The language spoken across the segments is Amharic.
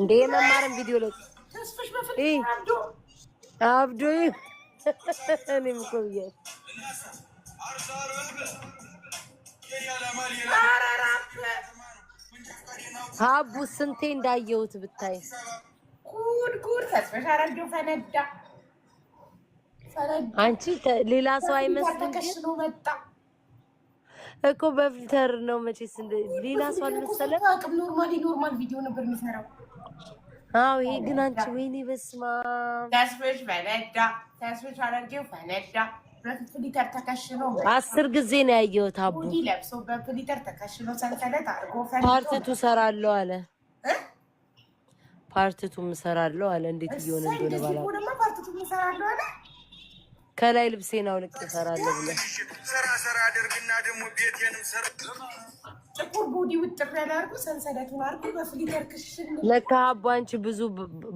እንደ የመማርን ቪዲዮ ላይ አብዶ እኔም እኮ ብያለሁ። ሀቡ ስንቴ እንዳየሁት ብታይ ጉድ ጉድ ፈነዳ። አንቺ ሌላ ሰው አይመስልም። እኮ በፊልተር ነው መቼስ፣ ሌላ ሰው አልመሰለም። ኖርማል ኖርማል ቪዲዮ ነበር የሚሰራው። አዎ ይሄ ግን አንቺ ወይኔ፣ በስመ አብ ተስፍሽ ፈነዳ፣ ተስፍሽ ፈነዳ። በፍሊተር ተከሽኖ አስር ጊዜ ነው ያየው። አቡ ለብሶ በፍሊተር ተከሽኖ ሰንሰለት አድርጎ ፓርትቱ አለ። ፓርትቱ አለ። እንዴት እየሆነ እንደሆነ ባላ ፓርትቱ አለ ከላይ ልብሴን አውልቅ እሰራለሁ ብለህ ሰራ ሰራ አደርግና ደግሞ ቤቴንም ሰራ ጥቁር ቦዲ ውጥር ያላርጉ ሰንሰለቱን አርጉ በፍሊተር ክሽን ለካ አቦ አንቺ ብዙ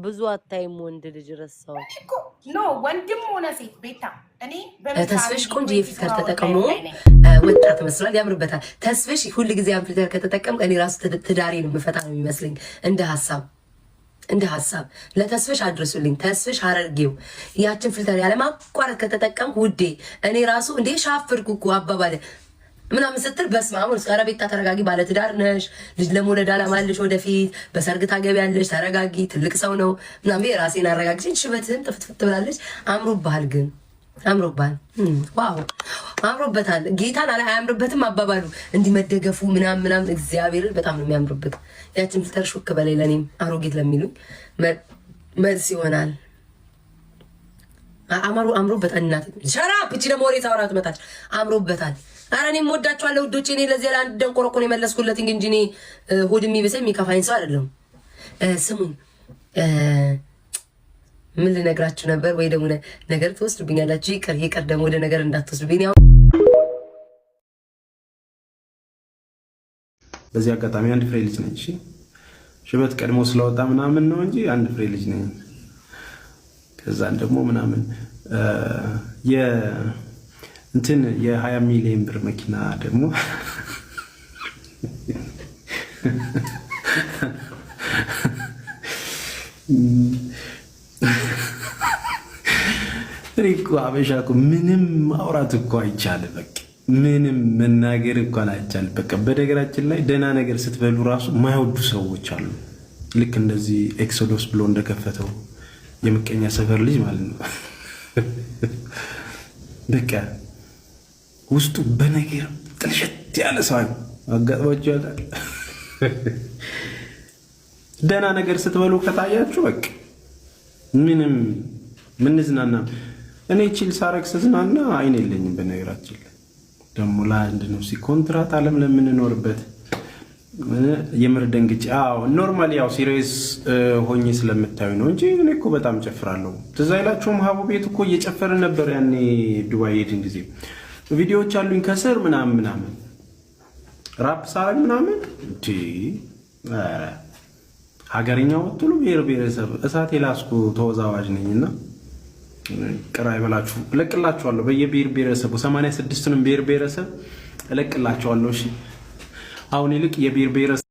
ብዙ አታይም። ወንድ ልጅ ረሳው ኖ ወንድም ሆነ ሴት ቤታ እኔ ተስፍሽ ቆንጆ የፊልተር ተጠቅሞ ወጣት መስሏል፣ ያምርበታል። ተስፍሽ ሁልጊዜ ጊዜ ፊልተር ከተጠቀም እኔ ራሱ ትዳሬን የምፈታ ነው የሚመስለኝ እንደ ሀሳብ እንደ ሀሳብ ለተስፍሽ አድርሱልኝ። ተስፍሽ ሀረርጌው ያችን ፊልተር ያለማቋረጥ ከተጠቀምኩ ውዴ እኔ ራሱ እንዴ ሻፍር ኩኩ አባባለ ምናምን ስትል በስመ አብ ወልድ ኧረ ቤታ ተረጋጊ፣ ባለትዳር ነሽ፣ ልጅ ለመውለድ አላማለሽ፣ ወደፊት በሰርግ ታገቢያለሽ፣ ተረጋጊ፣ ትልቅ ሰው ነው ምናምን የራሴን አረጋግጭን። ሽበትህን ጥፍትፍት ብላለች። አምሮብሃል ግን አምሮባል ዋው አምሮበታል። ጌታን አላ አያምርበትም አባባሉ እንዲህ መደገፉ ምናም ምናም እግዚአብሔር በጣም ነው የሚያምርበት። ያችን ፍተር ሹክ በላይ ለእኔም አሮጌት ለሚሉኝ መልስ ይሆናል። አማሩ አምሮበታል። እናት ሸራ እቺ ደግሞ ወሬ ታወራ ትመጣች። አምሮበታል። አረ እኔም ወዳችኋለሁ ውዶቼ። እኔ ለዚህ ለአንድ ደንቆሮ እኮ ነው የመለስኩለት እንጂ እኔ ሆድ የሚብሰኝ የሚከፋኝ ሰው አይደለም። ስሙን ምን ልነግራችሁ ነበር? ወይ ደግሞ ነገር ትወስዱብኛላችሁ። ይቅር ይቅር፣ ደግሞ ወደ ነገር እንዳትወስዱብኝ። ያው በዚህ አጋጣሚ አንድ ፍሬ ልጅ ነኝ። ሽበት ቀድሞ ስለወጣ ምናምን ነው እንጂ አንድ ፍሬ ልጅ ነኝ። ከዛን ደግሞ ምናምን እንትን የሀያ ሚሊዮን ብር መኪና ደግሞ እኔ እኮ አበሻ እኮ ምንም ማውራት እኮ አይቻልም። በቃ ምንም መናገር እኮ አይቻልም። በቃ በነገራችን ላይ ደህና ነገር ስትበሉ ራሱ ማይወዱ ሰዎች አሉ። ልክ እንደዚህ ኤክሶዶስ ብሎ እንደከፈተው የምቀኛ ሰፈር ልጅ ማለት ነው። በቃ ውስጡ በነገር ጥልሸት ያለ ሰው አጋጥሟቸው ያውቃል። ደህና ነገር ስትበሉ ከታያችሁ በቃ ምንም ምንዝናና እኔ ቺል ሳረግ ስዝናና አይን የለኝም። በነገራችን ላይ ደግሞ ለአንድ ነው ኮንትራት አለም ለምንኖርበት የምር ደንግጬ ኖርማሊ ያው ሲሪየስ ሆኜ ስለምታዩ ነው እንጂ እኔ እኮ በጣም ጨፍራለሁ። ትዝ አይላችሁም? ሀቡ ቤት እኮ እየጨፈርን ነበር ያኔ ዱባይ ሄድን ጊዜ ቪዲዮዎች አሉኝ ከስር ምናምን ምናምን ራፕ ሳረግ ምናምን ሀገርኛ ወትሉ ብሔር ብሔረሰብ እሳት የላስኩ ተወዛዋዥ ነኝና ቅር ይበላችሁ እለቅላችኋለሁ በየብሔር ብሔረሰቡ ሰማንያ ስድስቱንም ብሔር ብሔረሰብ እለቅላችኋለሁ። እሺ አሁን ይልቅ የብሔር ብሔረሰብ